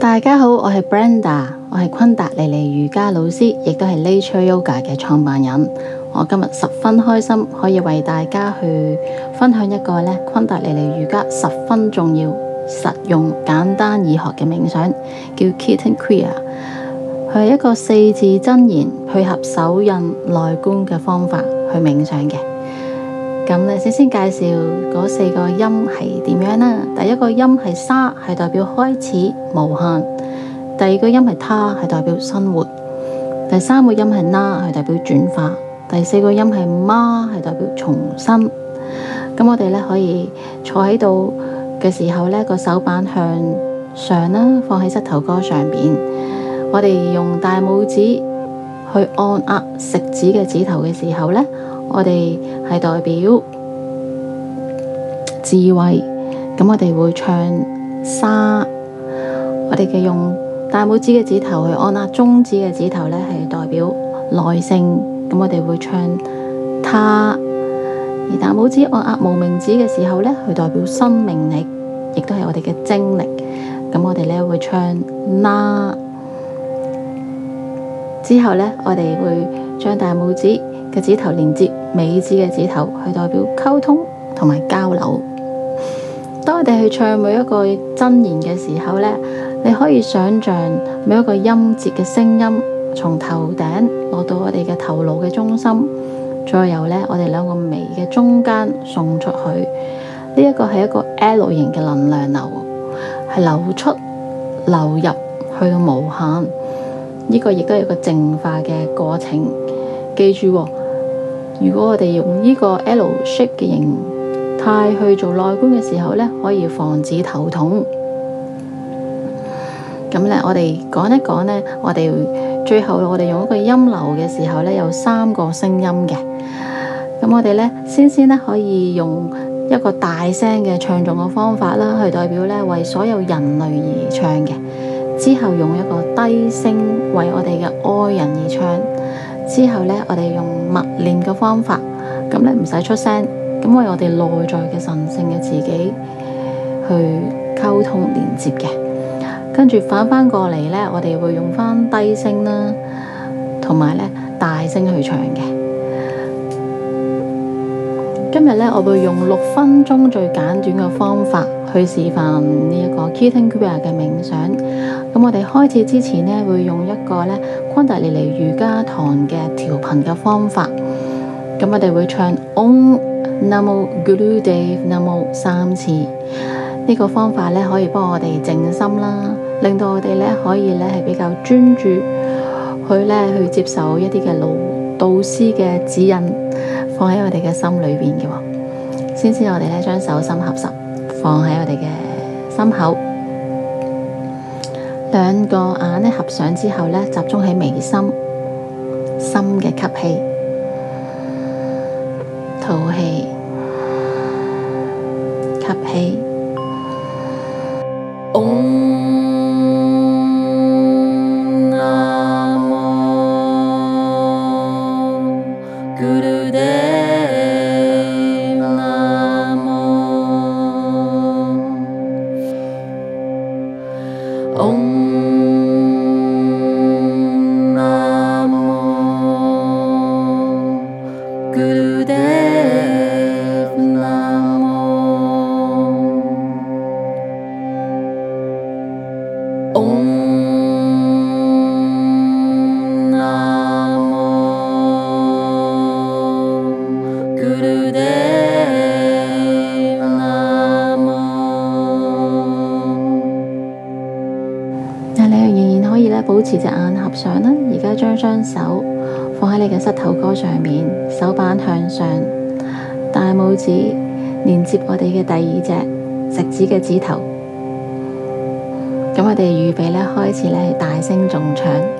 大家好，我係 Brenda，我係昆達尼尼瑜伽老師，亦都係 Nature Yoga 嘅創辦人。我今日十分開心，可以為大家去分享一個呢昆達尼尼瑜伽十分重要、實用、簡單易學嘅冥想，叫 Kirtan Kriya。佢係一個四字真言配合手印內觀嘅方法去冥想嘅。咁咧，先先介紹嗰四個音係點樣啦。第一個音係沙，係代表開始無限；第二個音係他，係代表生活；第三個音係那，係代表轉化；第四個音係媽，係代表重生。咁我哋咧可以坐喺度嘅時候咧，個手板向上啦，放喺膝頭哥上邊。我哋用大拇指去按壓食指嘅指頭嘅時候咧。我哋係代表智慧，咁我哋會唱沙。我哋嘅用大拇指嘅指頭去按壓中指嘅指頭咧，係代表耐性。咁我哋會唱他。而大拇指按壓無名指嘅時候咧，佢代表生命力，亦都係我哋嘅精力。咁我哋咧會唱那。之後咧，我哋會將大拇指。嘅指頭連接尾指嘅指頭，去代表溝通同埋交流。當我哋去唱每一個真言嘅時候呢，你可以想象每一個音節嘅聲音從頭頂落到我哋嘅頭腦嘅中心，再由呢，我哋兩個眉嘅中間送出去。呢、這、一個係一個 L 型嘅能量流，係流出流入去到無限。呢、這個亦都係一個淨化嘅過程。記住、哦。如果我哋用呢個 L shape 嘅形態去做內觀嘅時候呢，可以防止頭痛。咁呢，我哋講一講呢，我哋最後我哋用一個音流嘅時候呢，有三個聲音嘅。咁我哋呢，先先可以用一個大聲嘅唱誦嘅方法啦，去代表呢，為所有人類而唱嘅。之後用一個低聲，為我哋嘅愛人而唱。之後呢，我哋用默念嘅方法，咁咧唔使出聲，咁為我哋內在嘅神性嘅自己去溝通連接嘅。跟住反翻過嚟呢，我哋會用翻低聲啦，同埋呢大聲去唱嘅。今日呢，我會用六分鐘最簡短嘅方法去示範呢一個 Kirtan Kriya 嘅冥想。咁我哋開始之前呢，會用一個呢昆達利尼瑜伽堂嘅調頻嘅方法。咁我哋會唱 Ong Namo Guru Dev Namo 三次。呢、這個方法呢，可以幫我哋靜心啦，令到我哋呢，可以呢係比較專注去咧去接受一啲嘅老導師嘅指引，放喺我哋嘅心裏邊嘅。先先，我哋呢，將手心合十，放喺我哋嘅心口。兩個眼咧合上之後咧，集中喺眉心，深嘅吸氣，吐氣，吸氣，唵那嘛咕嚕。Ong Namo Guru Dev Namo。那、嗯嗯呃、你仍然可以保持隻眼合上咧，而家將雙手放喺你嘅膝頭哥上面，手板向上，大拇指連接我哋嘅第二隻食指嘅指頭。噉，我哋預備開始大聲重唱。